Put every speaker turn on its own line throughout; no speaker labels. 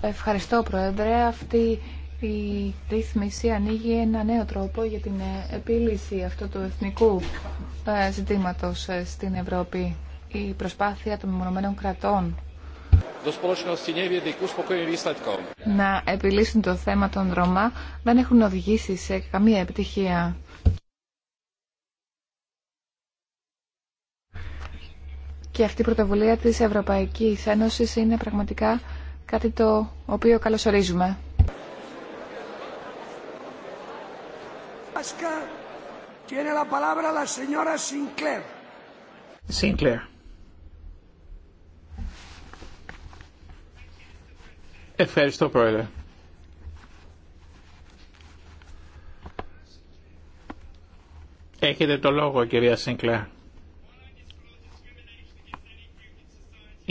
Ευχαριστώ, Πρόεδρε. Αυτή η ρύθμιση ανοίγει ένα νέο τρόπο για την ε, επίλυση αυτού του εθνικού ε, ζητήματος ε, στην Ευρώπη. Η προσπάθεια των μονομένων κρατών να επιλύσουν το θέμα των Ρωμά δεν έχουν οδηγήσει σε καμία επιτυχία. και αυτή η πρωτοβουλία της Ευρωπαϊκής Ένωσης είναι πραγματικά κάτι το οποίο καλωσορίζουμε.
Ευχαριστώ, Πρόεδρε. Έχετε το λόγο, κυρία Σίνκλερ.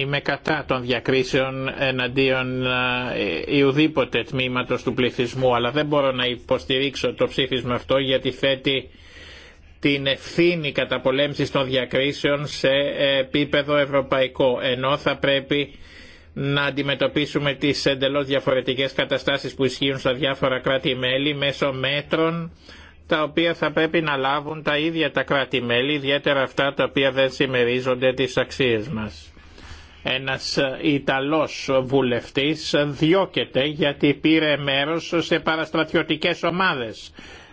Είμαι κατά των διακρίσεων εναντίον ιουδήποτε ε, ε, τμήματος του πληθυσμού, αλλά δεν μπορώ να υποστηρίξω το ψήφισμα αυτό γιατί θέτει την ευθύνη καταπολέμησης των διακρίσεων σε επίπεδο ευρωπαϊκό, ενώ θα πρέπει να αντιμετωπίσουμε τις εντελώς διαφορετικές καταστάσεις που ισχύουν στα διάφορα κράτη-μέλη μέσω μέτρων τα οποία θα πρέπει να λάβουν τα ίδια τα κράτη-μέλη, ιδιαίτερα αυτά τα οποία δεν συμμερίζονται τις αξίες μας ένας Ιταλός βουλευτής διώκεται γιατί πήρε μέρος σε παραστρατιωτικές ομάδες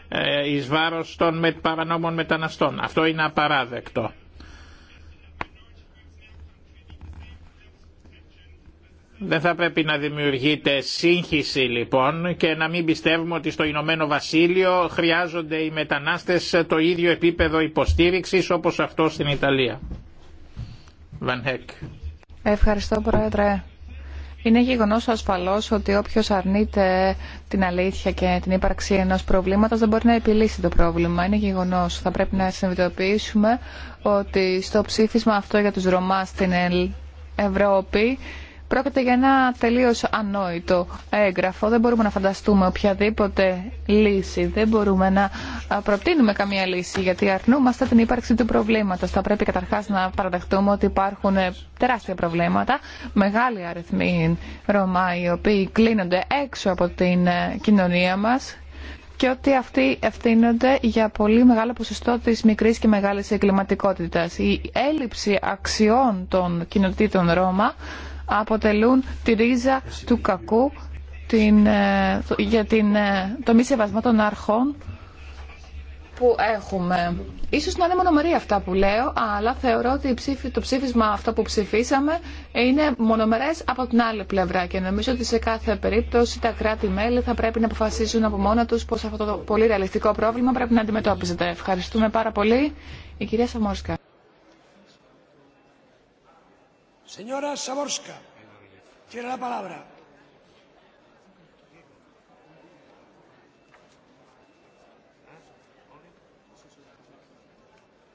ε, εις βάρος των με παρανόμων μεταναστών. Αυτό είναι απαράδεκτο. Δεν θα πρέπει να δημιουργείται σύγχυση λοιπόν και να μην πιστεύουμε ότι στο Ηνωμένο Βασίλειο χρειάζονται οι μετανάστες το ίδιο επίπεδο υποστήριξης όπως αυτό στην Ιταλία. Van Heck.
Ευχαριστώ, Πρόεδρε. Είναι γεγονό ασφαλώς ότι όποιο αρνείται την αλήθεια και την ύπαρξη ενός προβλήματος δεν μπορεί να επιλύσει το πρόβλημα. Είναι γεγονό. Θα πρέπει να συνειδητοποιήσουμε ότι στο ψήφισμα αυτό για τους Ρωμά στην Ευρώπη Πρόκειται για ένα τελείω ανόητο έγγραφο. Δεν μπορούμε να φανταστούμε οποιαδήποτε λύση. Δεν μπορούμε να προτείνουμε καμία λύση γιατί αρνούμαστε την ύπαρξη του προβλήματος. Θα πρέπει καταρχά να παραδεχτούμε ότι υπάρχουν ε, τεράστια προβλήματα, μεγάλοι αριθμοί Ρωμά οι οποίοι κλείνονται έξω από την ε, κοινωνία μα και ότι αυτοί ευθύνονται για πολύ μεγάλο ποσοστό της μικρής και μεγάλης εγκληματικότητας. Η έλλειψη αξιών των κοινοτήτων Ρώμα αποτελούν τη ρίζα του κακού την, ε, για την, ε, το μη σεβασμό των αρχών που έχουμε. Ίσως να είναι μονομερή αυτά που λέω, αλλά θεωρώ ότι το ψήφισμα αυτό που ψηφίσαμε είναι μονομερές από την άλλη πλευρά και νομίζω ότι σε κάθε περίπτωση τα κράτη-μέλη θα πρέπει να αποφασίσουν από μόνα τους πως αυτό το πολύ ρεαλιστικό πρόβλημα πρέπει να αντιμετώπιζεται. Ευχαριστούμε πάρα πολύ. Η κυρία Σαμόρσκα.
Señora Saborska, tiene la palabra.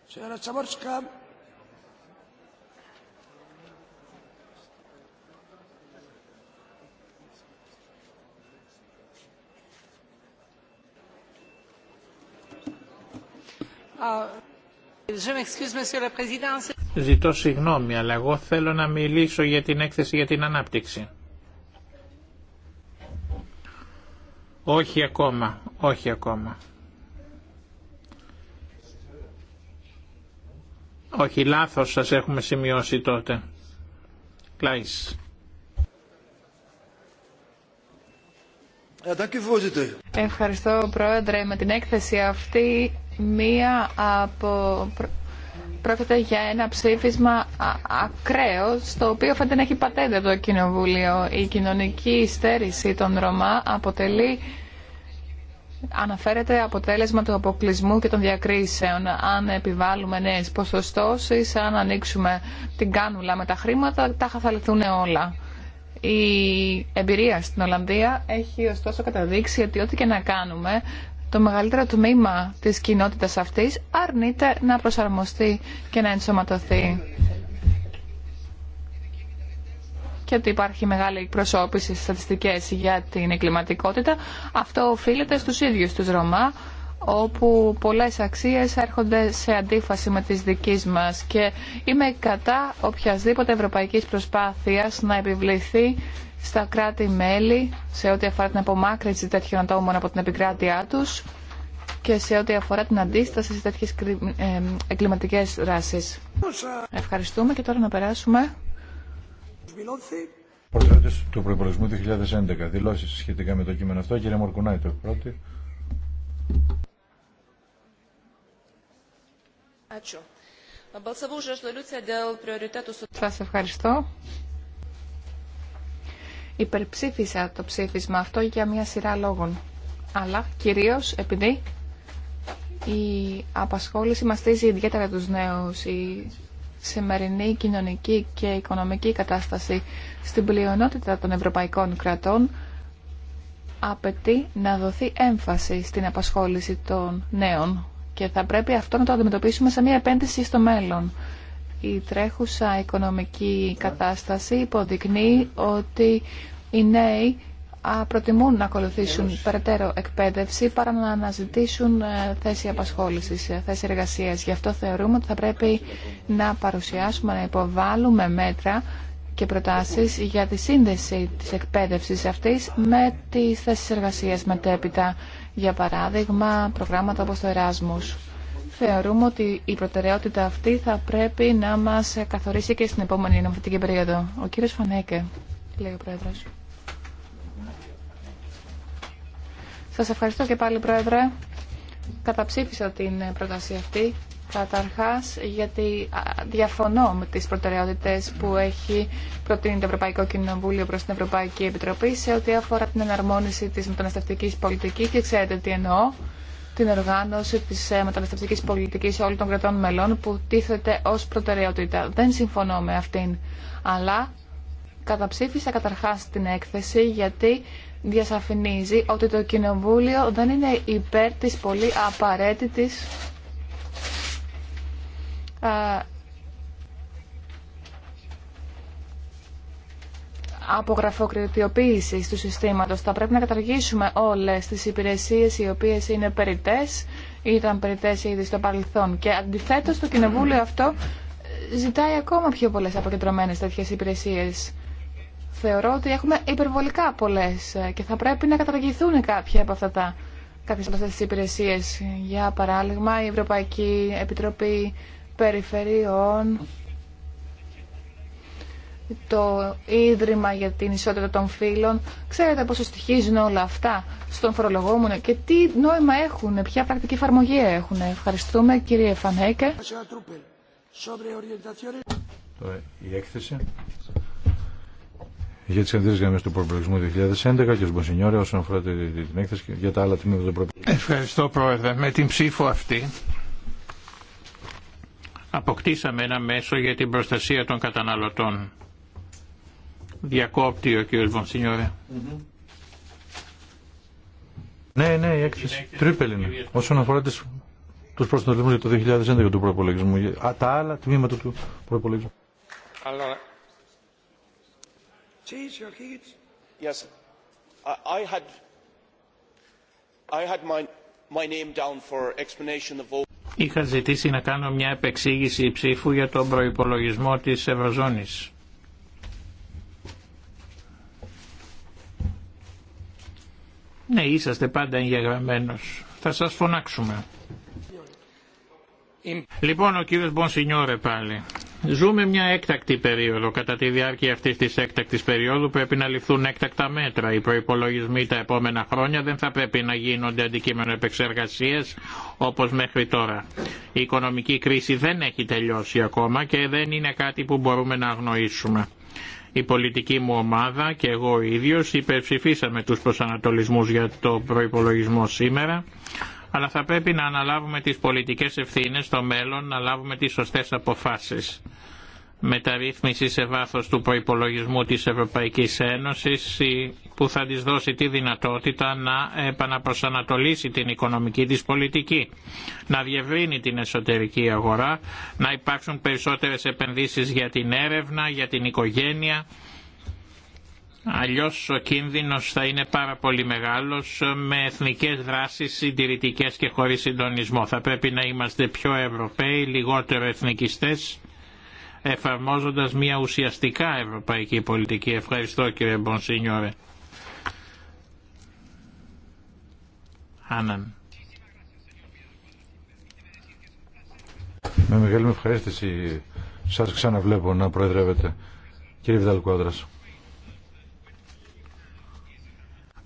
Señora Saborska.
je m'excuse, Monsieur le Président.
Ζητώ συγγνώμη, αλλά εγώ θέλω να μιλήσω για την έκθεση για την ανάπτυξη. Όχι ακόμα, όχι ακόμα. Όχι, λάθος σας έχουμε σημειώσει τότε. Κλάις.
Ε,
Ευχαριστώ, Πρόεδρε. Με την έκθεση αυτή, μία από πρόκειται για ένα ψήφισμα ακραίο, στο οποίο φαίνεται να έχει πατέντα το Κοινοβούλιο. Η κοινωνική στέρηση των Ρωμά αποτελεί αναφέρεται αποτέλεσμα του αποκλεισμού και των διακρίσεων. Αν επιβάλλουμε νέε ποσοστώσει, αν ανοίξουμε την κάνουλα με τα χρήματα, τα θα όλα. Η εμπειρία στην Ολλανδία έχει ωστόσο καταδείξει ότι ό,τι και να κάνουμε το μεγαλύτερο τμήμα της κοινότητας αυτής αρνείται να προσαρμοστεί και να ενσωματωθεί. Και ότι υπάρχει μεγάλη εκπροσώπηση στις στατιστικές για την εγκληματικότητα, αυτό οφείλεται στους ίδιους τους Ρωμά, όπου πολλές αξίες έρχονται σε αντίφαση με τις δικής μας και είμαι κατά οποιασδήποτε ευρωπαϊκής προσπάθειας να επιβληθεί στα κράτη-μέλη σε ό,τι αφορά την απομάκρυνση τέτοιων ατόμων από την επικράτειά τους και σε ό,τι αφορά την αντίσταση σε τέτοιες ε, εγκληματικές δράσεις. Ευχαριστούμε και τώρα να περάσουμε.
Προσφέρετε του προπολογισμού 2011 δηλώσεις σχετικά με το κείμενο αυτό. Κύριε Μορκουνάη, το πρώτη.
Σας ευχαριστώ υπερψήφισα το ψήφισμα αυτό για μια σειρά λόγων. Αλλά κυρίως επειδή η απασχόληση μαστίζει ιδιαίτερα τους νέους, η σημερινή κοινωνική και οικονομική κατάσταση στην πλειονότητα των ευρωπαϊκών κρατών απαιτεί να δοθεί έμφαση στην απασχόληση των νέων και θα πρέπει αυτό να το αντιμετωπίσουμε σε μια επένδυση στο μέλλον η τρέχουσα οικονομική κατάσταση υποδεικνύει ότι οι νέοι προτιμούν να ακολουθήσουν περαιτέρω εκπαίδευση παρά να αναζητήσουν ε, θέση απασχόλησης, ε, θέση εργασίας. Γι' αυτό θεωρούμε ότι θα πρέπει να παρουσιάσουμε, να υποβάλουμε μέτρα και προτάσεις για τη σύνδεση της εκπαίδευσης αυτής με τις θέσεις εργασίας μετέπειτα. Για παράδειγμα, προγράμματα όπως το Εράσμους θεωρούμε ότι η προτεραιότητα αυτή θα πρέπει να μας καθορίσει και στην επόμενη νομοθετική περίοδο. Ο κύριος Φανέκε, λέει ο Πρόεδρος. Σας ευχαριστώ και πάλι Πρόεδρε. Καταψήφισα την πρόταση αυτή. Καταρχάς γιατί διαφωνώ με τις προτεραιότητες που έχει προτείνει το Ευρωπαϊκό Κοινοβούλιο προς την Ευρωπαϊκή Επιτροπή σε ό,τι αφορά την εναρμόνιση της μεταναστευτικής πολιτικής και ξέρετε τι εννοώ την οργάνωση τη ε, μεταναστευτική πολιτική όλων των κρατών μελών που τίθεται ως προτεραιότητα. Δεν συμφωνώ με αυτήν, αλλά καταψήφισα καταρχάς την έκθεση γιατί διασαφηνίζει ότι το Κοινοβούλιο δεν είναι υπέρ της πολύ απαραίτητης ε, γραφοκριτιοποίηση του συστήματος. Θα πρέπει να καταργήσουμε όλες τις υπηρεσίες οι οποίες είναι περιτές, ήταν περιτές ήδη στο παρελθόν. Και αντιθέτως το κοινοβούλιο αυτό ζητάει ακόμα πιο πολλές αποκεντρωμένες τέτοιες υπηρεσίες. Θεωρώ ότι έχουμε υπερβολικά πολλές και θα πρέπει να καταργηθούν κάποια από αυτά τα κάποιες αυτές υπηρεσίες. Για παράδειγμα, η Ευρωπαϊκή Επιτροπή Περιφερειών, το Ίδρυμα για την Ισότητα των Φύλων. Ξέρετε πόσο στοιχίζουν όλα αυτά στον φορολογόμενο και τι νόημα έχουν, ποια πρακτική εφαρμογή έχουν. Ευχαριστούμε κύριε Φανέκε.
η έκθεση για τι αντίρρες γραμμέ του προπολογισμού 2011 και ο Μποσινιόρε όσον αφορά την έκθεση και για τα άλλα τμήματα του προπολογισμού.
Ευχαριστώ Πρόεδρε. Με την ψήφο αυτή αποκτήσαμε ένα μέσο για την προστασία των καταναλωτών Διακόπτει ο κύριος Μονσινιώρε. Mm-hmm.
Ναι, ναι, η έκθεση τρίπελ είναι. Όσον αφορά τις, τους προσανατολισμούς για το 2011 του προπολογισμού, τα άλλα τμήματα του προπολογισμού.
Είχα ζητήσει να κάνω μια επεξήγηση ψήφου για τον προϋπολογισμό της Ευρωζώνης. Ναι, είσαστε πάντα εγγεγραμμένος. Θα σας φωνάξουμε. Λοιπόν, ο κύριος Μπονσινιόρε πάλι. Ζούμε μια έκτακτη περίοδο. Κατά τη διάρκεια αυτή τη έκτακτη περίοδου πρέπει να ληφθούν έκτακτα μέτρα. Οι προπολογισμοί τα επόμενα χρόνια δεν θα πρέπει να γίνονται αντικείμενο επεξεργασία όπω μέχρι τώρα. Η οικονομική κρίση δεν έχει τελειώσει ακόμα και δεν είναι κάτι που μπορούμε να αγνοήσουμε. Η πολιτική μου ομάδα και εγώ ίδιος υπερψηφίσαμε τους προσανατολισμούς για το προϋπολογισμό σήμερα, αλλά θα πρέπει να αναλάβουμε τις πολιτικές ευθύνες στο μέλλον, να λάβουμε τις σωστές αποφάσεις μεταρρύθμιση σε βάθος του προϋπολογισμού της Ευρωπαϊκής Ένωσης που θα της δώσει τη δυνατότητα να επαναπροσανατολίσει την οικονομική της πολιτική, να διευρύνει την εσωτερική αγορά, να υπάρξουν περισσότερες επενδύσεις για την έρευνα, για την οικογένεια, Αλλιώς ο κίνδυνος θα είναι πάρα πολύ μεγάλος με εθνικές δράσεις συντηρητικές και χωρίς συντονισμό. Θα πρέπει να είμαστε πιο Ευρωπαίοι, λιγότερο εθνικιστές εφαρμόζοντα μια ουσιαστικά ευρωπαϊκή πολιτική. Ευχαριστώ κύριε Μπονσίνιορε. Άναν.
Με μεγάλη μου ευχαρίστηση σας ξαναβλέπω να προεδρεύετε κύριε Βιδαλκουάδρας.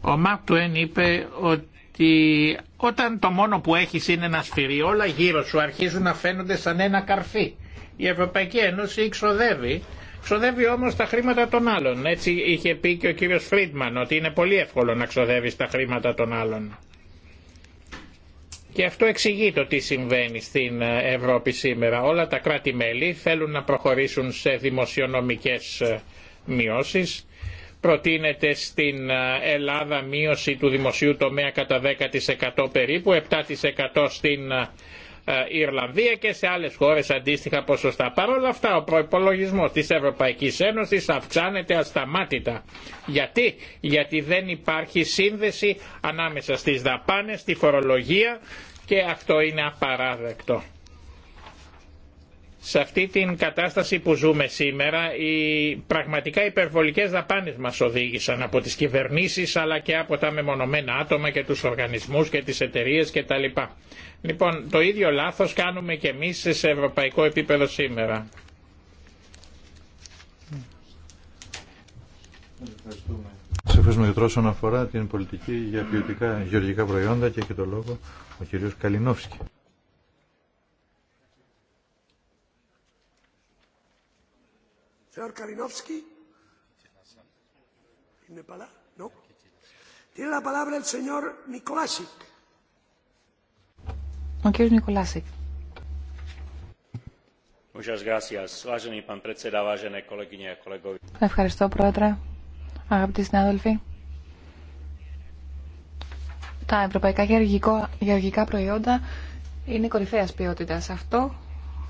Ο Μαρκ Τουέν είπε ότι όταν το μόνο που έχεις είναι ένα σφυρί όλα γύρω σου αρχίζουν να φαίνονται σαν ένα καρφί. Η Ευρωπαϊκή Ένωση ξοδεύει, ξοδεύει όμως τα χρήματα των άλλων. Έτσι είχε πει και ο κύριος Φρίντμαν ότι είναι πολύ εύκολο να ξοδεύει τα χρήματα των άλλων. Και αυτό εξηγεί το τι συμβαίνει στην ε, Ευρώπη σήμερα. Όλα τα κράτη-μέλη θέλουν να προχωρήσουν σε δημοσιονομικές ε, μειώσεις. Προτείνεται στην ε, Ελλάδα μείωση του δημοσίου τομέα κατά 10% περίπου, 7% στην ε, Ιρλανδία και σε άλλες χώρες αντίστοιχα ποσοστά. Παρ' όλα αυτά ο προϋπολογισμός της Ευρωπαϊκής Ένωσης αυξάνεται ασταμάτητα. Γιατί? Γιατί δεν υπάρχει σύνδεση ανάμεσα στις δαπάνες, στη φορολογία και αυτό είναι απαράδεκτο σε αυτή την κατάσταση που ζούμε σήμερα οι πραγματικά υπερβολικές δαπάνες μας οδήγησαν από τις κυβερνήσεις αλλά και από τα μεμονωμένα άτομα και τους οργανισμούς και τις εταιρείες κτλ. Λοιπόν, το ίδιο λάθος κάνουμε και εμείς σε ευρωπαϊκό επίπεδο σήμερα.
Σε ευχαριστούμε για αφορά την πολιτική για ποιοτικά γεωργικά προϊόντα και έχει το λόγο ο κ. Καλινόφσκι. señor kalinowski no. tiene la palabra el señor Mikolasik.
O κύριος Μικολάσικ. Ευχαριστώ, Πρόεδρε. Αγαπητοί συνάδελφοι, τα ευρωπαϊκά γεωργικά προϊόντα είναι κορυφαίας ποιότητας. Αυτό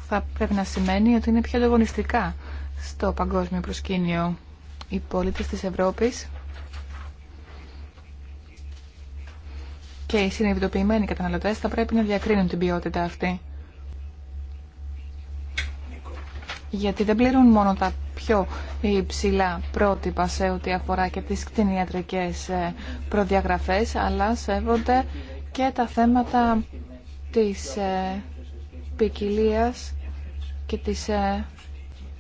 θα πρέπει να σημαίνει ότι είναι πιο ανταγωνιστικά στο παγκόσμιο προσκήνιο. Οι πολίτες της Ευρώπης και οι συνειδητοποιημένοι καταναλωτές θα πρέπει να διακρίνουν την ποιότητα αυτή. Γιατί δεν πληρούν μόνο τα πιο υψηλά πρότυπα σε ό,τι αφορά και τις κτηνιατρικές ε, προδιαγραφές, αλλά σέβονται και τα θέματα της ε, ποικιλία και της ε,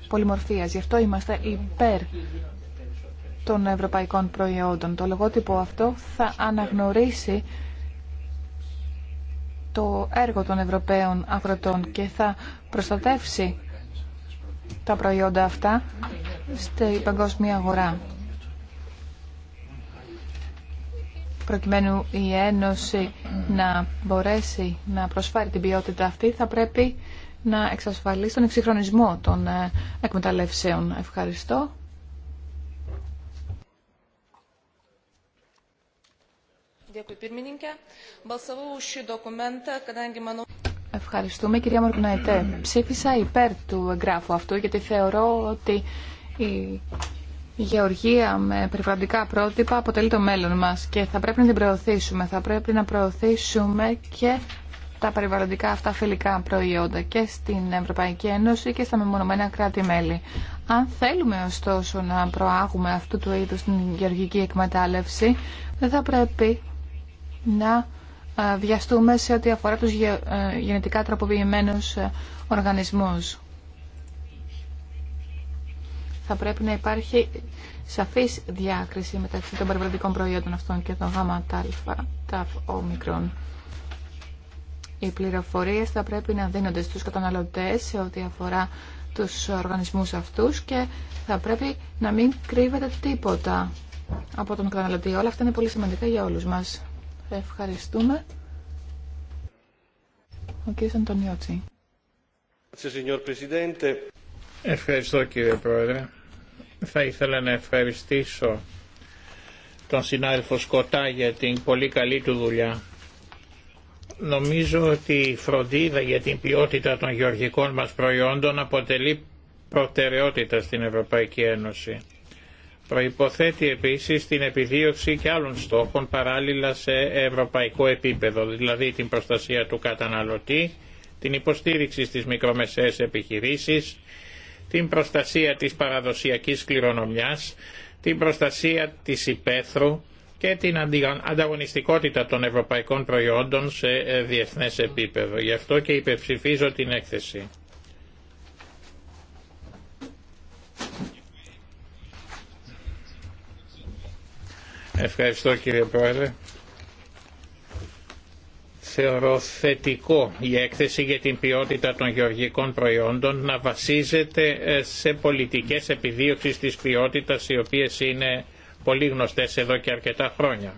πολυμορφίας. Γι' αυτό είμαστε υπέρ των ευρωπαϊκών προϊόντων. Το λογότυπο αυτό θα αναγνωρίσει το έργο των Ευρωπαίων αγροτών και θα προστατεύσει τα προϊόντα αυτά στην παγκόσμια αγορά. Προκειμένου η Ένωση να μπορέσει να προσφέρει την ποιότητα αυτή, θα πρέπει να εξασφαλίσει τον εξυγχρονισμό των ε, εκμεταλλεύσεων. Ευχαριστώ. Ευχαριστούμε κυρία Μορκουναϊτέ. Ψήφισα υπέρ του εγγράφου αυτού γιατί θεωρώ ότι η γεωργία με περιβαλλοντικά πρότυπα αποτελεί το μέλλον μας και θα πρέπει να την προωθήσουμε. Θα πρέπει να προωθήσουμε και τα περιβαλλοντικά αυτά φιλικά προϊόντα και στην Ευρωπαϊκή Ένωση και στα μεμονωμένα κράτη-μέλη. Αν θέλουμε ωστόσο να προάγουμε αυτού του είδους την γεωργική εκμετάλλευση, δεν θα πρέπει να ε, βιαστούμε σε ό,τι αφορά τους ε, γενετικά τροποποιημένους ε, οργανισμούς. Θα πρέπει να υπάρχει σαφής διάκριση μεταξύ των περιβαλλοντικών προϊόντων αυτών και των γάμα τα όμικρων. Οι πληροφορίες θα πρέπει να δίνονται στους καταναλωτές σε ό,τι αφορά τους οργανισμούς αυτούς και θα πρέπει να μην κρύβεται τίποτα από τον καταναλωτή. Όλα αυτά είναι πολύ σημαντικά για όλους μας. Ευχαριστούμε. Ο κ. Αντωνιώτσι.
Ευχαριστώ κύριε Πρόεδρε. Θα ήθελα να ευχαριστήσω τον συνάδελφο Σκοτά για την πολύ καλή του δουλειά. Νομίζω ότι η φροντίδα για την ποιότητα των γεωργικών μας προϊόντων αποτελεί προτεραιότητα στην Ευρωπαϊκή Ένωση. Προϋποθέτει επίσης την επιδίωξη και άλλων στόχων παράλληλα σε ευρωπαϊκό επίπεδο, δηλαδή την προστασία του καταναλωτή, την υποστήριξη στις μικρομεσαίες επιχειρήσεις, την προστασία της παραδοσιακής κληρονομιάς, την προστασία της υπαίθρου, και την ανταγωνιστικότητα των ευρωπαϊκών προϊόντων σε ε, διεθνές επίπεδο. Γι' αυτό και υπερψηφίζω την έκθεση. Ευχαριστώ κύριε Πρόεδρε. Θεωρώ θετικό η έκθεση για την ποιότητα των γεωργικών προϊόντων να βασίζεται ε, σε πολιτικές επιδίωξεις της ποιότητας οι οποίες είναι πολύ γνωστές εδώ και αρκετά χρόνια.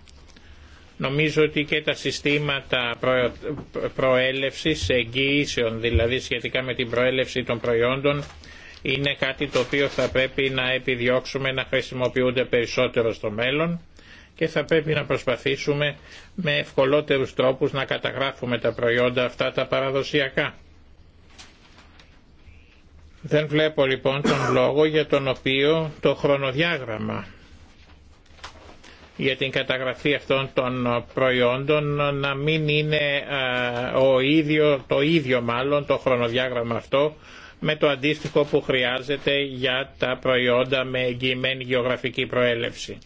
Νομίζω ότι και τα συστήματα προ... προέλευσης, εγγυήσεων δηλαδή σχετικά με την προέλευση των προϊόντων είναι κάτι το οποίο θα πρέπει να επιδιώξουμε να χρησιμοποιούνται περισσότερο στο μέλλον και θα πρέπει να προσπαθήσουμε με ευκολότερους τρόπους να καταγράφουμε τα προϊόντα αυτά τα παραδοσιακά. Δεν βλέπω λοιπόν τον λόγο για τον οποίο το χρονοδιάγραμμα για την καταγραφή αυτών των προϊόντων να μην είναι ε, ο ίδιο, το ίδιο μάλλον το χρονοδιάγραμμα αυτό με το αντίστοιχο που χρειάζεται για τα προϊόντα με εγγυημένη γεωγραφική προέλευση.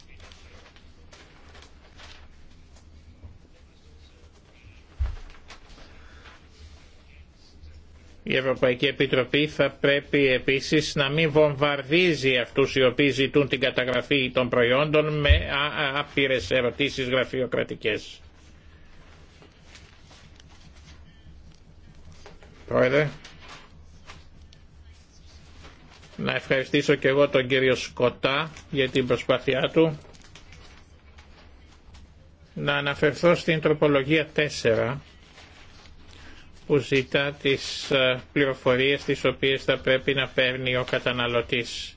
Η Ευρωπαϊκή Επιτροπή θα πρέπει επίσης να μην βομβαρδίζει αυτούς οι οποίοι ζητούν την καταγραφή των προϊόντων με άπειρες ερωτήσεις γραφειοκρατικές. Πρόεδρε, να ευχαριστήσω και εγώ τον κύριο Σκοτά για την προσπάθειά του. Να αναφερθώ στην τροπολογία 4 που ζητά τις ε, πληροφορίες τις οποίες θα πρέπει να παίρνει ο καταναλωτής.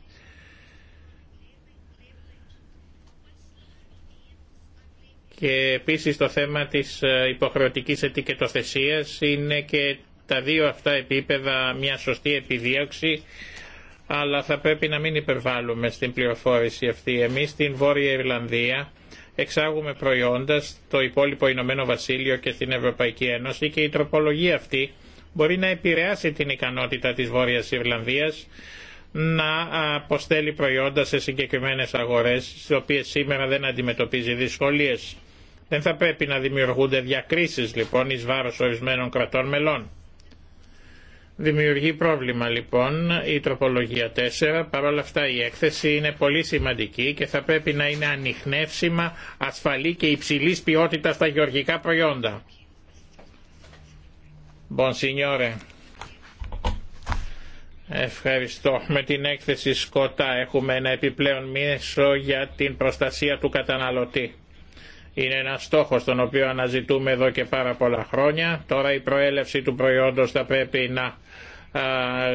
Και επίσης το θέμα της ε, υποχρεωτικής ετικετοθεσίας είναι και τα δύο αυτά επίπεδα μια σωστή επιδίωξη αλλά θα πρέπει να μην υπερβάλλουμε στην πληροφόρηση αυτή. Εμείς στην Βόρεια Ιρλανδία εξάγουμε προϊόντα στο υπόλοιπο Ηνωμένο Βασίλειο και στην Ευρωπαϊκή Ένωση και η τροπολογία αυτή μπορεί να επηρεάσει την ικανότητα της Βόρειας Ιρλανδίας να αποστέλει προϊόντα σε συγκεκριμένες αγορές, στις οποίες σήμερα δεν αντιμετωπίζει δυσκολίες. Δεν θα πρέπει να δημιουργούνται διακρίσεις λοιπόν εις βάρος ορισμένων κρατών μελών. Δημιουργεί πρόβλημα λοιπόν η τροπολογία 4, παρόλα αυτά η έκθεση είναι πολύ σημαντική και θα πρέπει να είναι ανοιχνεύσιμα, ασφαλή και υψηλή ποιότητα στα γεωργικά προϊόντα. signore. Ευχαριστώ. Με την έκθεση Σκότα έχουμε ένα επιπλέον μίσο για την προστασία του καταναλωτή. Είναι ένα στόχος τον οποίο αναζητούμε εδώ και πάρα πολλά χρόνια. Τώρα η προέλευση του προϊόντος θα πρέπει να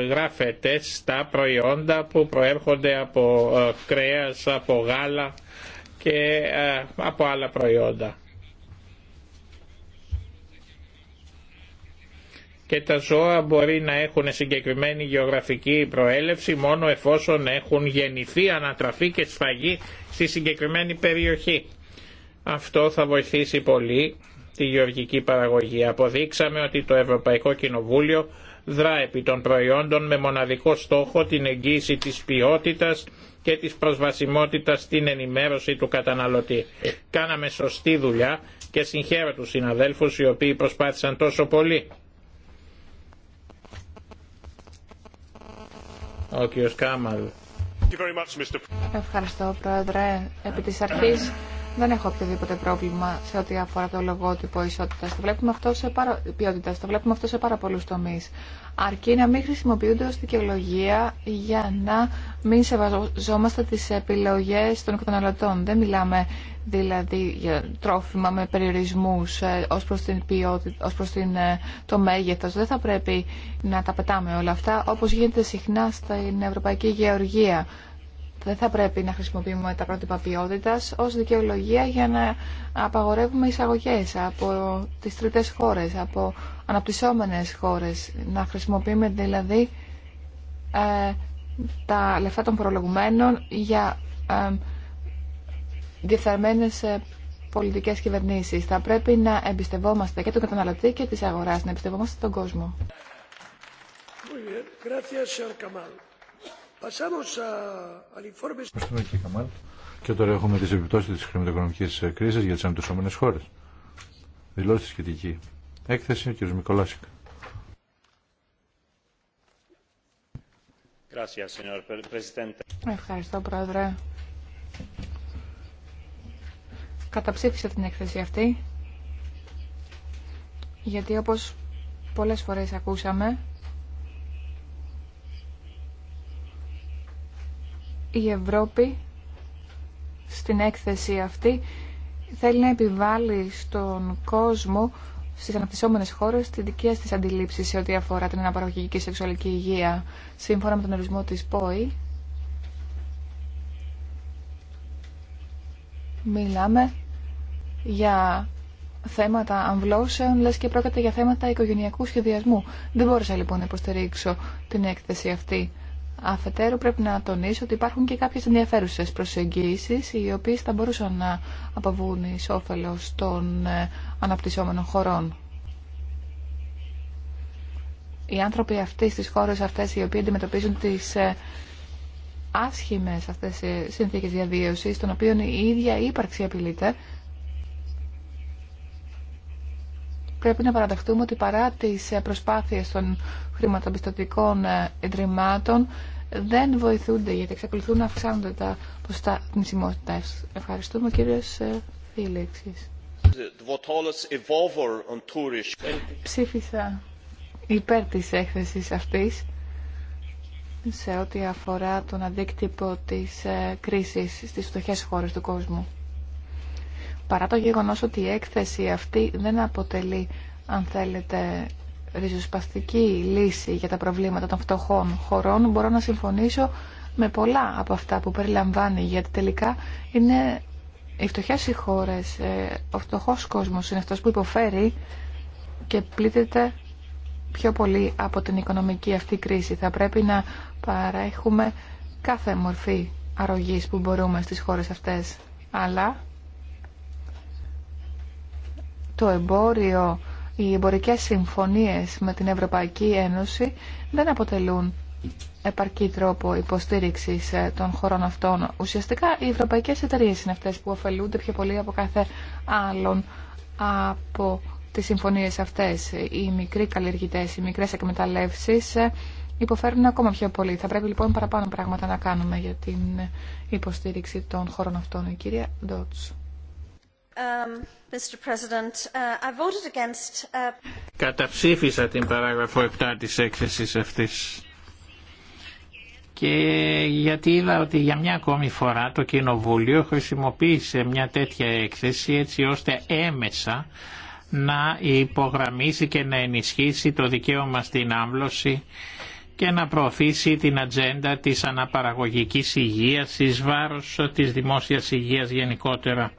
γράφεται στα προϊόντα που προέρχονται από ε, κρέας, από γάλα και ε, από άλλα προϊόντα. και τα ζώα μπορεί να έχουν συγκεκριμένη γεωγραφική προέλευση μόνο εφόσον έχουν γεννηθεί, ανατραφεί και σφαγεί στη συγκεκριμένη περιοχή. Αυτό θα βοηθήσει πολύ τη γεωργική παραγωγή. Αποδείξαμε ότι το Ευρωπαϊκό Κοινοβούλιο δρά επί των προϊόντων με μοναδικό στόχο την εγγύηση της ποιότητας και της προσβασιμότητας στην ενημέρωση του καταναλωτή. Κάναμε σωστή δουλειά και συγχαίρω τους συναδέλφους οι οποίοι προσπάθησαν τόσο πολύ. Ο
Ευχαριστώ, Πρόεδρε. Επί της αρχής δεν έχω οποιοδήποτε πρόβλημα σε ό,τι αφορά το λογότυπο ισότητα. Το βλέπουμε αυτό σε πάρα, ποιότητα. Το βλέπουμε αυτό σε πάρα πολλού τομεί. Αρκεί να μην χρησιμοποιούνται ω δικαιολογία για να μην σεβαζόμαστε τι επιλογέ των καταναλωτών. Δεν μιλάμε δηλαδή για τρόφιμα με περιορισμού ε, ω προ την ποιότητα, ω προ ε, το μέγεθο. Δεν θα πρέπει να τα πετάμε όλα αυτά όπω γίνεται συχνά στην Ευρωπαϊκή Γεωργία. Δεν θα πρέπει να χρησιμοποιούμε τα πρότυπα ποιότητα ω δικαιολογία για να απαγορεύουμε εισαγωγέ από τι τρίτε χώρε, από αναπτυσσόμενε χώρε. Να χρησιμοποιούμε δηλαδή ε, τα λεφτά των προλογουμένων για ε, διεφθαρμένε ε, πολιτικές κυβερνήσεις. Θα πρέπει να εμπιστευόμαστε και τον καταναλωτή και της αγοράς, να εμπιστευόμαστε τον κόσμο.
Και τώρα έχουμε τι επιπτώσει τη χρηματοοικονομική ε, κρίση για τι αντισώμενε χώρε. Δηλώσει σχετική. Έκθεση ο κ. Μικολάσικ.
Ευχαριστώ, Πρόεδρε. Καταψήφισα την έκθεση αυτή, γιατί όπως πολλές φορές ακούσαμε, η Ευρώπη στην έκθεση αυτή θέλει να επιβάλλει στον κόσμο, στις αναπτυσσόμενες χώρες, τη δική της αντιλήψη σε ό,τι αφορά την αναπαραγωγική και σεξουαλική υγεία. Σύμφωνα με τον ορισμό της ΠΟΗ, μιλάμε για θέματα αμβλώσεων, λες και πρόκειται για θέματα οικογενειακού σχεδιασμού. Δεν μπόρεσα λοιπόν να υποστηρίξω την έκθεση αυτή. Αφετέρου πρέπει να τονίσω ότι υπάρχουν και κάποιες ενδιαφέρουσες προσεγγίσεις οι οποίες θα μπορούσαν να αποβούν εις όφελος των ε, αναπτυσσόμενων χωρών. Οι άνθρωποι αυτοί στις χώρες αυτές οι οποίοι αντιμετωπίζουν τις ε, άσχημες αυτές ε, συνθήκες διαβίωσης των οποίων η ίδια ύπαρξη απειλείται πρέπει να παραδεχτούμε ότι παρά τις ε, προσπάθειες των χρηματοπιστωτικών ε, ιδρυμάτων δεν βοηθούνται γιατί εξακολουθούν να αυξάνονται τα ποσοστά νησιμότητας. Ευχαριστούμε κύριος ε, Φίλεξης. Ψήφισα υπέρ της έκθεσης αυτής σε ό,τι αφορά τον αντίκτυπο της κρίσης στις φτωχές χώρες του κόσμου παρά το γεγονός ότι η έκθεση αυτή δεν αποτελεί, αν θέλετε, ριζοσπαστική λύση για τα προβλήματα των φτωχών χωρών, μπορώ να συμφωνήσω με πολλά από αυτά που περιλαμβάνει, γιατί τελικά είναι οι φτωχέ οι χώρε. Ε, ο φτωχό κόσμος είναι αυτό που υποφέρει και πλήττεται πιο πολύ από την οικονομική αυτή κρίση. Θα πρέπει να παρέχουμε κάθε μορφή αρρωγής που μπορούμε στις χώρες αυτές. Αλλά το εμπόριο, οι εμπορικές συμφωνίες με την Ευρωπαϊκή Ένωση δεν αποτελούν επαρκή τρόπο υποστήριξης ε, των χωρών αυτών. Ουσιαστικά οι ευρωπαϊκές εταιρείες είναι αυτές που ωφελούνται πιο πολύ από κάθε άλλον από τις συμφωνίες αυτές. Οι μικροί καλλιεργητές, οι μικρές εκμεταλλεύσεις ε, υποφέρουν ακόμα πιο πολύ. Θα πρέπει λοιπόν παραπάνω πράγματα να κάνουμε για την υποστήριξη των χωρών αυτών. Η κυρία Ντότσου.
Um, uh, uh, Καταψήφισα την παράγραφο 7 της έκθεσης αυτής και γιατί είδα ότι για μια ακόμη φορά το Κοινοβούλιο χρησιμοποίησε μια τέτοια έκθεση έτσι ώστε έμεσα να υπογραμμίσει και να ενισχύσει το δικαίωμα στην άμβλωση και να προωθήσει την ατζέντα της αναπαραγωγικής υγείας εις βάρος της δημόσιας υγείας γενικότερα.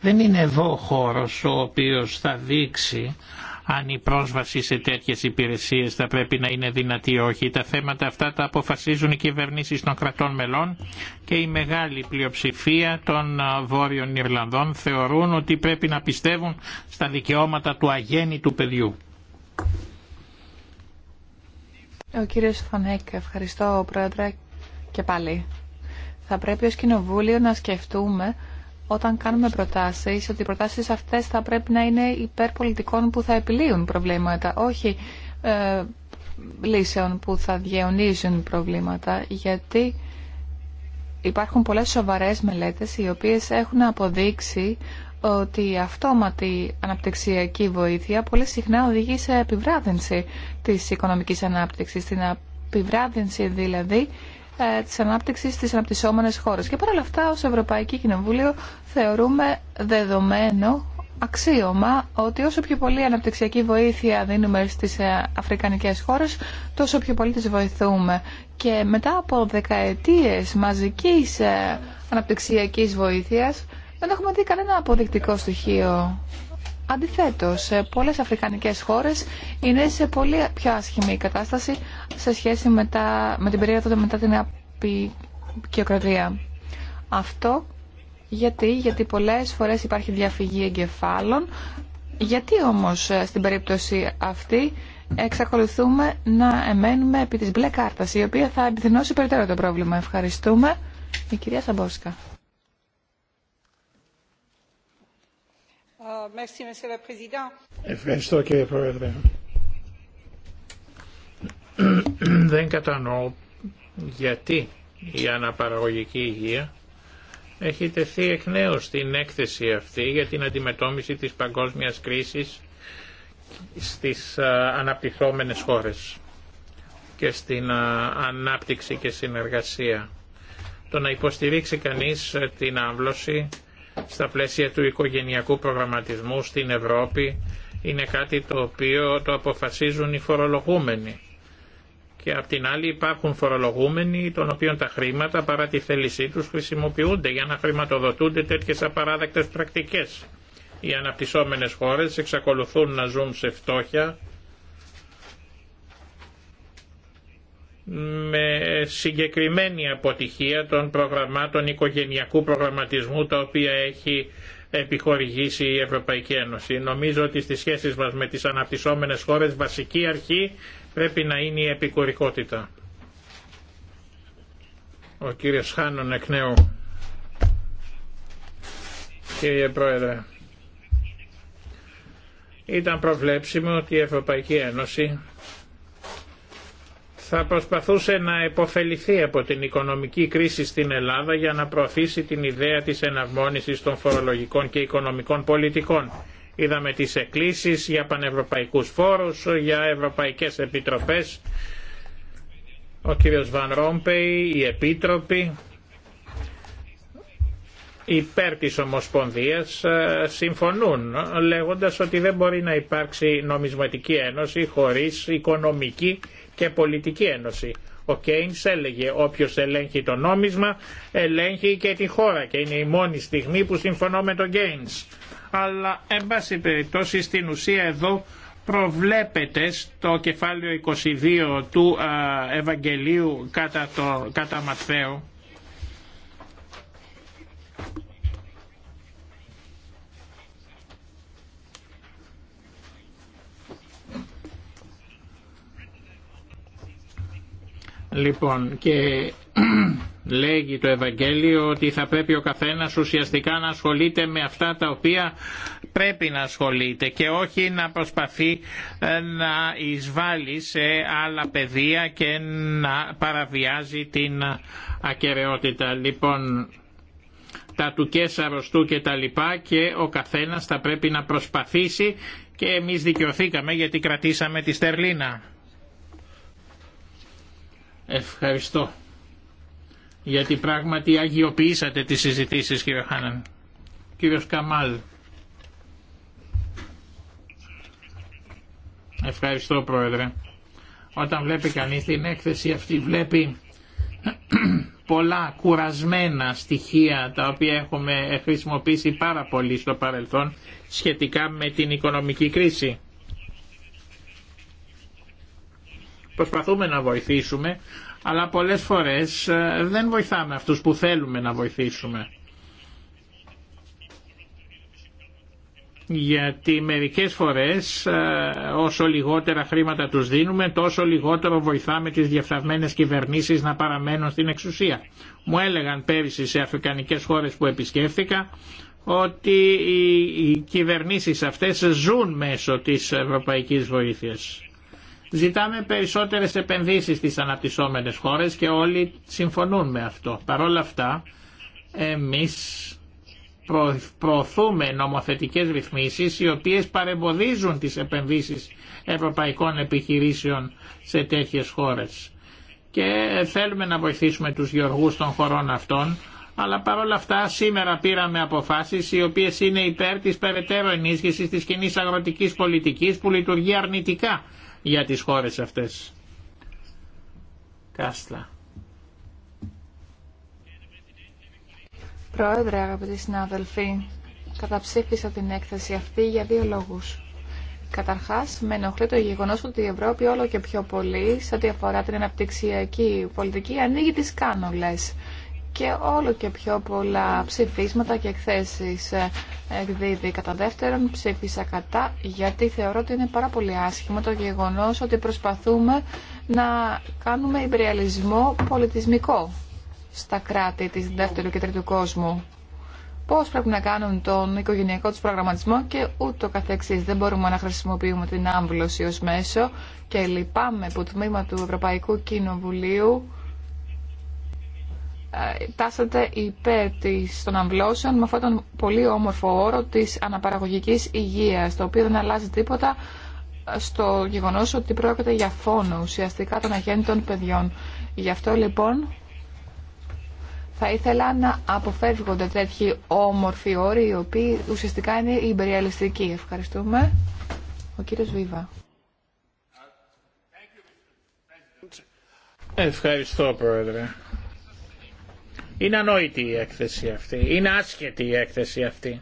Δεν είναι εδώ ο χώρος ο οποίος θα δείξει αν η πρόσβαση σε τέτοιες υπηρεσίες θα πρέπει να είναι δυνατή ή όχι. Τα θέματα αυτά τα αποφασίζουν οι κυβερνήσεις των κρατών μελών και η μεγάλη πλειοψηφία των Βόρειων Ιρλανδών θεωρούν ότι πρέπει να πιστεύουν στα δικαιώματα του του παιδιού.
Ο κύριος Φανέκ, ευχαριστώ πρόεδρε και πάλι. Θα πρέπει ως κοινοβούλιο να σκεφτούμε όταν κάνουμε προτάσεις, ότι οι προτάσεις αυτές θα πρέπει να είναι υπέρ πολιτικών που θα επιλύουν προβλήματα, όχι ε, λύσεων που θα διαιωνίζουν προβλήματα, γιατί υπάρχουν πολλές σοβαρές μελέτες οι οποίες έχουν αποδείξει ότι η αυτόματη αναπτυξιακή βοήθεια πολύ συχνά οδηγεί σε επιβράδυνση της οικονομικής ανάπτυξης, στην επιβράδυνση δηλαδή Τη ε, της ανάπτυξης στις αναπτυσσόμενες χώρες. Και όλα αυτά, ω Ευρωπαϊκή Κοινοβούλιο θεωρούμε δεδομένο αξίωμα ότι όσο πιο πολύ αναπτυξιακή βοήθεια δίνουμε στις ε, αφρικανικές χώρες, τόσο πιο πολύ τις βοηθούμε. Και μετά από δεκαετίες μαζικής ε, αναπτυξιακής βοήθειας, δεν έχουμε δει κανένα αποδεικτικό στοιχείο Αντιθέτως, πολλές αφρικανικές χώρες είναι σε πολύ πιο άσχημη κατάσταση σε σχέση με, τα, με την περίοδο μετά την απεικιοκρατία. Αυτό γιατί, γιατί πολλές φορές υπάρχει διαφυγή εγκεφάλων. Γιατί όμως ε, στην περίπτωση αυτή εξακολουθούμε να εμένουμε επί της μπλε κάρτας, η οποία θα επιθυμώσει περαιτέρω το πρόβλημα. Ευχαριστούμε. Η κυρία Σαμπόσκα. Euh, Ευχαριστώ κύριε
Πρόεδρε. Δεν κατανοώ γιατί η αναπαραγωγική υγεία έχει τεθεί εκ νέου στην έκθεση αυτή για την αντιμετώπιση της παγκόσμιας κρίσης στις αναπτυσσόμενε χώρες και στην ανάπτυξη και συνεργασία. Το να υποστηρίξει κανείς την άμβλωση στα πλαίσια του οικογενειακού προγραμματισμού στην Ευρώπη είναι κάτι το οποίο το αποφασίζουν οι φορολογούμενοι. Και απ' την άλλη υπάρχουν φορολογούμενοι των οποίων τα χρήματα παρά τη θέλησή τους χρησιμοποιούνται για να χρηματοδοτούνται τέτοιες απαράδεκτες πρακτικές. Οι αναπτυσσόμενες χώρες εξακολουθούν να ζουν σε φτώχεια με συγκεκριμένη αποτυχία των προγραμμάτων οικογενειακού προγραμματισμού τα οποία έχει επιχορηγήσει η Ευρωπαϊκή Ένωση. Νομίζω ότι στις σχέσεις μας με τις αναπτυσσόμενες χώρες βασική αρχή πρέπει να είναι η επικουρικότητα. Ο κύριος Χάνων εκ Κύριε Πρόεδρε, ήταν προβλέψιμο ότι η Ευρωπαϊκή Ένωση θα προσπαθούσε να επωφεληθεί από την οικονομική κρίση στην Ελλάδα για να προωθήσει την ιδέα της εναρμόνισης των φορολογικών και οικονομικών πολιτικών. Είδαμε τις εκκλήσεις για πανευρωπαϊκούς φόρους, για ευρωπαϊκές επιτροπές, ο κύριος Βαν Ρόμπεϊ, οι επίτροποι, υπέρ της Ομοσπονδίας ε, συμφωνούν λέγοντας ότι δεν μπορεί να υπάρξει νομισματική ένωση χωρίς οικονομική και πολιτική ένωση. Ο Κέινς έλεγε όποιος ελέγχει το νόμισμα ελέγχει και τη χώρα και είναι η μόνη στιγμή που συμφωνώ με τον Κέινς. Αλλά εν πάση περιπτώσει στην ουσία εδώ προβλέπεται στο κεφάλαιο 22 του α, Ευαγγελίου κατά, το, κατά Ματθαίο. Λοιπόν, και λέγει το Ευαγγέλιο ότι θα πρέπει ο καθένας ουσιαστικά να ασχολείται με αυτά τα οποία πρέπει να ασχολείται και όχι να προσπαθεί ε, να εισβάλλει σε άλλα πεδία και να παραβιάζει την ακαιρεότητα. Λοιπόν, τα του Κέσαρωστού και τα λοιπά και ο καθένας θα πρέπει να προσπαθήσει και εμείς δικαιωθήκαμε γιατί κρατήσαμε τη Στερλίνα. Ευχαριστώ. Γιατί πράγματι αγιοποιήσατε τις συζητήσεις κύριε Χάναν. Κύριος Καμάλ. Ευχαριστώ πρόεδρε. Όταν βλέπει κανείς την έκθεση αυτή βλέπει πολλά κουρασμένα στοιχεία τα οποία έχουμε χρησιμοποιήσει πάρα πολύ στο παρελθόν σχετικά με την οικονομική κρίση. Προσπαθούμε να βοηθήσουμε, αλλά πολλές φορές ε, δεν βοηθάμε αυτούς που θέλουμε να βοηθήσουμε. γιατί μερικές φορές ε, όσο λιγότερα χρήματα τους δίνουμε τόσο λιγότερο βοηθάμε τις διαφθαρμένες κυβερνήσεις να παραμένουν στην εξουσία. Μου έλεγαν πέρυσι σε αφρικανικές χώρες που επισκέφθηκα ότι οι κυβερνήσεις αυτές ζουν μέσω της ευρωπαϊκής βοήθειας. Ζητάμε περισσότερες επενδύσεις στις αναπτυσσόμενες χώρες και όλοι συμφωνούν με αυτό. Παρ' όλα αυτά, εμείς προωθούμε νομοθετικές ρυθμίσεις οι οποίες παρεμποδίζουν τις επενδύσεις ευρωπαϊκών επιχειρήσεων σε τέτοιες χώρες. Και θέλουμε να βοηθήσουμε τους γεωργούς των χωρών αυτών, αλλά παρόλα αυτά σήμερα πήραμε αποφάσεις οι οποίες είναι υπέρ της περαιτέρω ενίσχυσης της κοινή αγροτικής πολιτικής που λειτουργεί αρνητικά για τις χώρες αυτές. Κάστλα.
Πρόεδρε, αγαπητοί συνάδελφοι, καταψήφισα την έκθεση αυτή για δύο λόγους. Καταρχάς, με ενοχλεί το γεγονός ότι η Ευρώπη όλο και πιο πολύ, σε ό,τι αφορά την αναπτυξιακή πολιτική, ανοίγει τις κάνολες και όλο και πιο πολλά ψηφίσματα και εκθέσεις ε, εκδίδει κατά δεύτερον ψήφισα κατά γιατί θεωρώ ότι είναι πάρα πολύ άσχημο το γεγονός ότι προσπαθούμε να κάνουμε υπεριαλισμό πολιτισμικό στα κράτη της δεύτερου και τρίτου κόσμου πώς πρέπει να κάνουν τον οικογενειακό τους προγραμματισμό και ούτω καθεξής. Δεν μπορούμε να χρησιμοποιούμε την άμβλωση ως μέσο και λυπάμαι που το τμήμα του Ευρωπαϊκού Κοινοβουλίου ε, τάσσεται υπέρ της, των αμβλώσεων με αυτόν τον πολύ όμορφο όρο της αναπαραγωγικής υγείας, το οποίο δεν αλλάζει τίποτα στο γεγονός ότι πρόκειται για φόνο ουσιαστικά των αγέννητων παιδιών. Γι' αυτό λοιπόν θα ήθελα να αποφεύγονται τέτοιοι όμορφοι όροι οι οποίοι ουσιαστικά είναι υπεριαλιστικοί. Ευχαριστούμε. Ο κύριος Βίβα.
Ευχαριστώ πρόεδρε. Είναι ανόητη η έκθεση αυτή. Είναι άσχετη η έκθεση αυτή.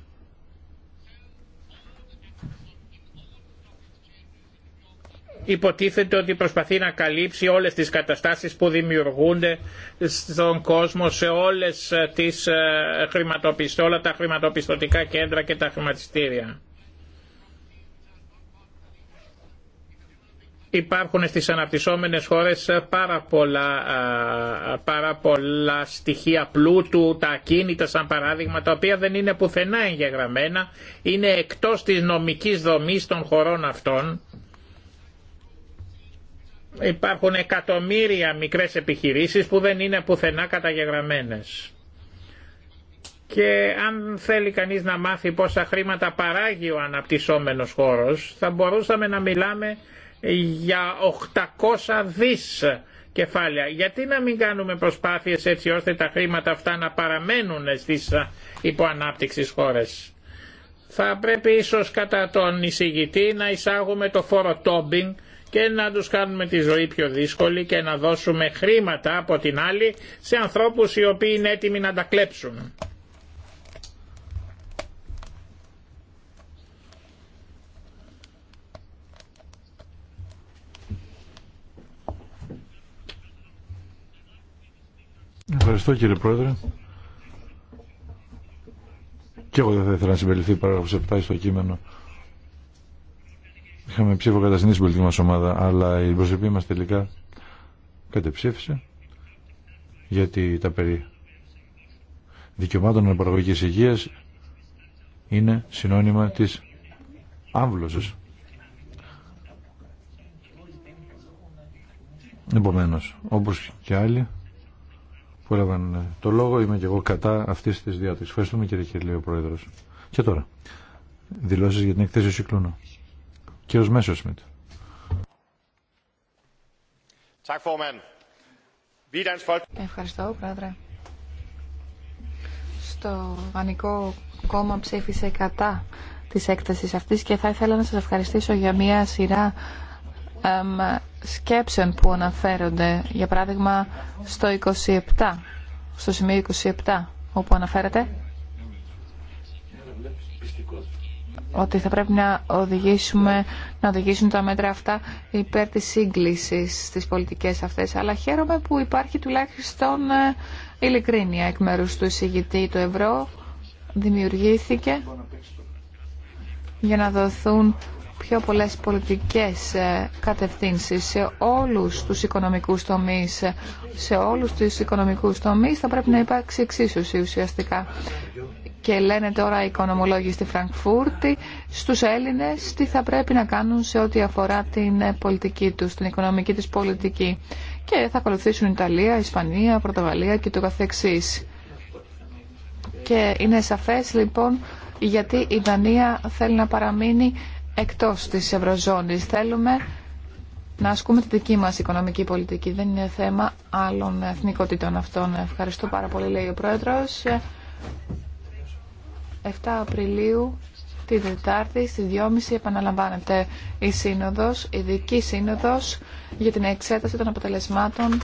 Υποτίθεται ότι προσπαθεί να καλύψει όλες τις καταστάσεις που δημιουργούνται στον κόσμο σε όλες τις ε, όλα τα χρηματοπιστωτικά κέντρα και τα χρηματιστήρια. υπάρχουν στις αναπτυσσόμενες χώρες ε, πάρα πολλά, ε, πάρα πολλά στοιχεία πλούτου, τα ακίνητα σαν παράδειγμα, τα οποία δεν είναι πουθενά εγγεγραμμένα, είναι εκτός της νομικής δομής των χωρών αυτών. Υπάρχουν εκατομμύρια μικρές επιχειρήσεις που δεν είναι πουθενά καταγεγραμμένες. Και αν θέλει κανείς να μάθει πόσα χρήματα παράγει ο αναπτυσσόμενος χώρος, θα μπορούσαμε να μιλάμε για 800 δις κεφάλαια. Γιατί να μην κάνουμε προσπάθειες έτσι ώστε τα χρήματα αυτά να παραμένουν στις ε, υποανάπτυξης χώρες. Θα πρέπει ίσως κατά τον εισηγητή να εισάγουμε το φόρο τόμπινγκ και να τους κάνουμε τη ζωή πιο δύσκολη και να δώσουμε χρήματα από την άλλη σε ανθρώπους οι οποίοι είναι έτοιμοι να τα κλέψουν.
Ευχαριστώ κύριε Πρόεδρε. Και εγώ δεν θα ήθελα να συμπεριληφθεί παράγραφος 7 στο κείμενο. Είχαμε ψήφο κατά στην πολιτική μας ομάδα, αλλά η προσωπή μας τελικά κατεψήφισε γιατί τα περί δικαιωμάτων αναπαραγωγικής υγείας είναι συνώνυμα της άμβλωσης. Επομένως, όπως και άλλοι, που έλαβαν ε, το λόγο. Είμαι και εγώ κατά αυτή τη διάταξη. Ευχαριστούμε κύριε Κυρλή, ο Πρόεδρο. Και τώρα, δηλώσει για την εκθέση Σικλούνο. Κύριο Μέσο Σμιτ.
Er
Ευχαριστώ, Πρόεδρε. Στο Βανικό Κόμμα ψήφισε κατά της έκθεσης αυτής και θα ήθελα να σας ευχαριστήσω για μια σειρά σκέψεων που αναφέρονται, για παράδειγμα στο 27, στο σημείο 27, όπου αναφέρεται ότι θα πρέπει να οδηγήσουμε, να οδηγήσουν τα μέτρα αυτά υπέρ της σύγκλησης στις πολιτικές αυτές. Αλλά χαίρομαι που υπάρχει τουλάχιστον ε, ειλικρίνεια εκ μέρους του εισηγητή. Το ευρώ δημιουργήθηκε για να δοθούν πιο πολλές πολιτικές ε, κατευθύνσεις σε όλους τους οικονομικούς τομείς. Σε όλους τους οικονομικούς τομείς θα πρέπει να υπάρξει εξίσωση ουσιαστικά. Και λένε τώρα οι οικονομολόγοι στη Φραγκφούρτη στους Έλληνες τι θα πρέπει να κάνουν σε ό,τι αφορά την πολιτική τους, την οικονομική της πολιτική. Και θα ακολουθήσουν Ιταλία, Ισπανία, Πορτογαλία και το καθεξής. Και είναι σαφές λοιπόν γιατί η Δανία θέλει να παραμείνει εκτός της Ευρωζώνης. Θέλουμε να ασκούμε τη δική μας οικονομική πολιτική. Δεν είναι θέμα άλλων εθνικότητων αυτών. Ευχαριστώ πάρα πολύ, λέει ο Πρόεδρος. 7 Απριλίου, τη Δετάρτη, στη 2.30 επαναλαμβάνεται η Σύνοδος, η δική Σύνοδος για την εξέταση των αποτελεσμάτων